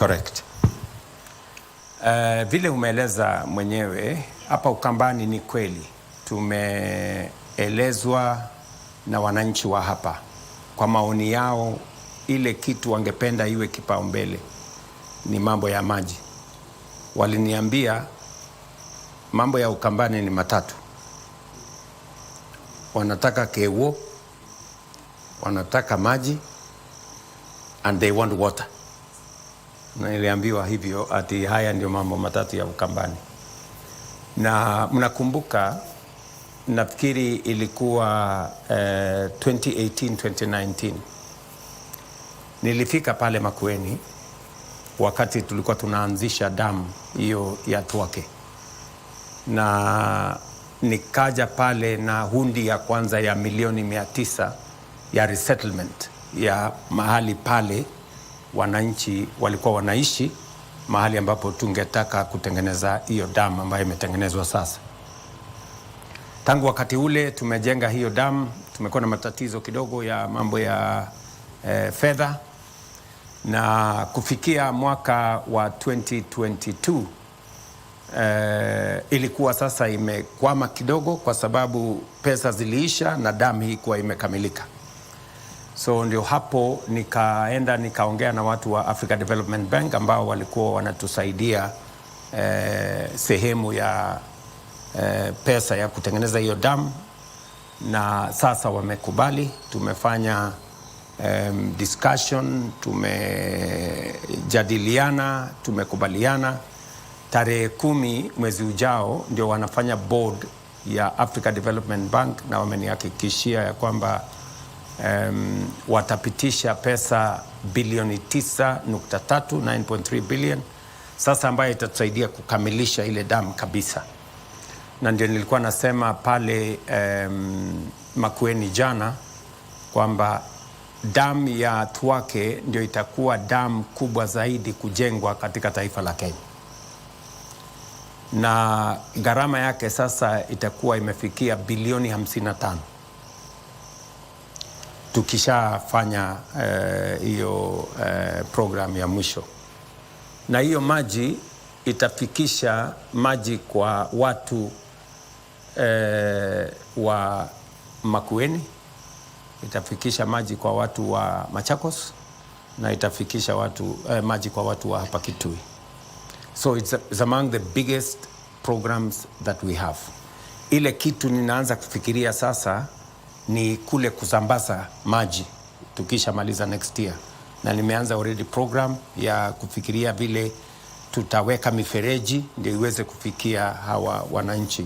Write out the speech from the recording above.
Correct. Uh, vile umeeleza mwenyewe hapa Ukambani ni kweli tumeelezwa na wananchi wa hapa kwa maoni yao, ile kitu wangependa iwe kipaumbele ni mambo ya maji. Waliniambia mambo ya Ukambani ni matatu, wanataka kewo, wanataka maji and they want water na niliambiwa hivyo ati haya ndio mambo matatu ya Ukambani, na mnakumbuka, nafikiri ilikuwa eh, 2018 2019 nilifika pale Makueni wakati tulikuwa tunaanzisha damu hiyo ya Twake na nikaja pale na hundi ya kwanza ya milioni mia tisa ya resettlement ya mahali pale wananchi walikuwa wanaishi mahali ambapo tungetaka kutengeneza hiyo damu ambayo imetengenezwa sasa. Tangu wakati ule tumejenga hiyo damu, tumekuwa na matatizo kidogo ya mambo ya e, fedha na kufikia mwaka wa 2022 e, eh, ilikuwa sasa imekwama kidogo, kwa sababu pesa ziliisha na damu hii kuwa imekamilika. So ndio hapo nikaenda nikaongea na watu wa Africa Development Bank ambao walikuwa wanatusaidia eh, sehemu ya eh, pesa ya kutengeneza hiyo damu, na sasa wamekubali. Tumefanya um, discussion, tumejadiliana, tumekubaliana tarehe kumi mwezi ujao ndio wanafanya board ya Africa Development Bank, na wamenihakikishia ya kwamba um, watapitisha pesa bilioni 9.3 9.3 billion sasa, ambayo itatusaidia kukamilisha ile damu kabisa, na ndio nilikuwa nasema pale um, Makueni jana kwamba damu ya Twake ndio itakuwa damu kubwa zaidi kujengwa katika taifa la Kenya, na gharama yake sasa itakuwa imefikia bilioni 55 tukishafanya eh, hiyo uh, uh, eh, programu ya mwisho, na hiyo maji itafikisha maji kwa watu uh, wa Makueni, itafikisha maji kwa watu wa Machakos na itafikisha watu, uh, maji kwa watu wa hapa Kitui. So it's, it's among the biggest programs that we have. Ile kitu ninaanza kufikiria sasa ni kule kusambaza maji tukishamaliza next year, na nimeanza already program ya kufikiria vile tutaweka mifereji ndio iweze kufikia hawa wananchi.